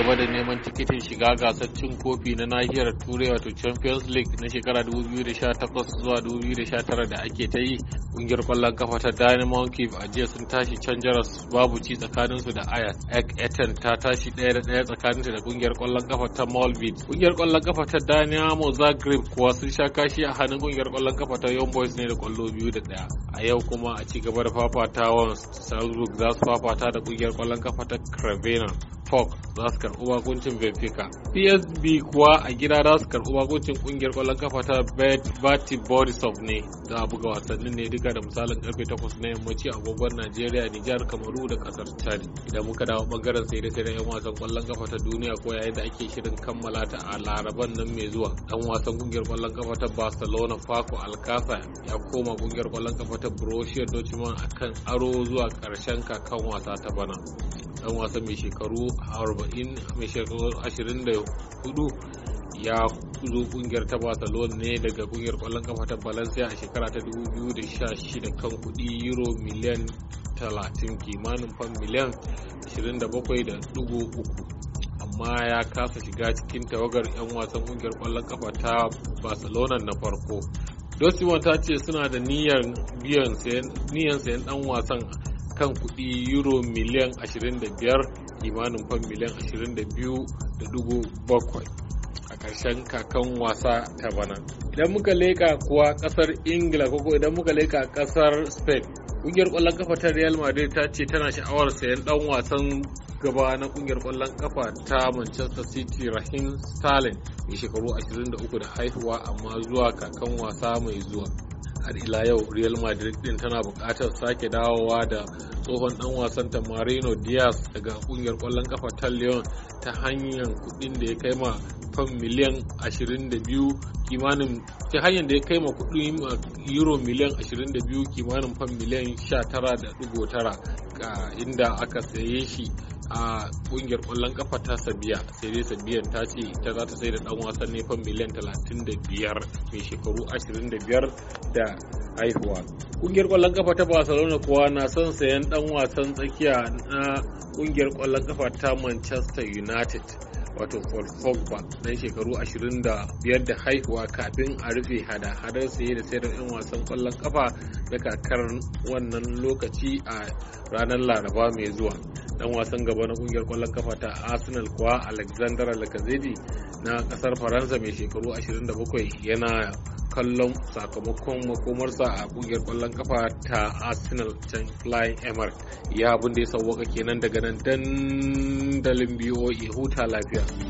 gaba da neman tikitin shiga gasar cin kofi na nahiyar turai wato champions league na shekara 2018 zuwa 2019 da ake ta yi kungiyar kwallon kafa ta dynamo kiv a jiya sun tashi can jaras babu ci tsakaninsu da ayat ek etan ta tashi ɗaya da ɗaya tsakaninta da kungiyar kwallon kafa ta molvid kungiyar kwallon kafa ta dynamo zagreb kuwa sun sha kashi a hannun kungiyar kwallon kafa ta young boys ne da kwallo biyu da ɗaya a yau kuma a ci gaba da fafatawa salzburg za su fafata da kungiyar kwallon kafa ta cravena Folk za su karɓi bakuncin Benfica. PSB kuwa a gida za su karɓi bakuncin ƙungiyar ƙwallon kafa ta Bati Borisov ne. Za a buga wasannin ne duka da misalin karfe 8 na yammaci a agogon Najeriya, Nijar, Kamaru da ƙasar Chad. Idan muka dawo bangaren sai da sai 'yan wasan ƙwallon kafa ta duniya ko yayin da ake shirin kammala ta a Laraban nan mai zuwa. Ɗan wasan ƙungiyar ƙwallon kafa ta Barcelona Paco Alcázar ya koma ƙungiyar ƙwallon kafa ta Borussia Dortmund kan aro zuwa ƙarshen kakan wasa ta bana. dan wasan mai shekaru 40 mai shekaru 24 ya zo kungiyar ta barcelona ne daga kungiyar kwallon kafa ta valencia a shekara ta 2016 kan kudi euro miliyan 30 kimanin fan miliyan 27.3 amma ya kasa shiga cikin tawagar 'yan wasan kungiyar kwallon kafa ta barcelona na farko dosiwan ta ce suna da niyyar sayan dan wasan kan kuɗi euro miliyan 25 imanin fan miliyan 22.7 a ƙarshen kakan wasa ta bana idan muka leka kuwa ƙasar ingila ko idan muka leka ƙasar spain ƙungiyar kwallon kafa ta real madrid ta ce tana sha'awar sayan ɗan wasan gaba na ƙungiyar kwallon kafa ta Manchester City rahim Sterling mai shekaru 23 da haihuwa amma zuwa kakan wasa mai zuwa. har ila yau real madrid din tana buƙatar sake dawowa da tsohon dan wasan ta marino diaz daga kungiyar kwallon kafa ta leon ta hanyar kudin da ya kai ma fan miliyan 22 kimanin ta hanyar da ya kai ma kudin euro miliyan 22 kimanin fan miliyan 19.9 inda aka saye shi a kungiyar kwallon kafa ta sabiya sai dai sabiyan ta ce ta za ta sai da dan wasan ne miliyan 35 mai shekaru 25 da haihuwa kungiyar kwallon kafa ta barcelona kuwa na son sayan dan wasan tsakiya na kungiyar kwallon kafa ta manchester united wato paul pogba dan shekaru 25 da haihuwa kafin a rufe hada-hadar saye da sayar yan wasan kwallon kafa da kakar wannan lokaci a ranar laraba mai zuwa dan wasan gaba na kungiyar kwallon kafa ta arsenal kuwa alexander lacazette na kasar faransa mai shekaru 27 yana kallon sakamakon makomarsa a kungiyar kwallon kafa ta arsenal can fly emir ya abin da ya sauwaka kenan daga nan dandalin ya huta lafiya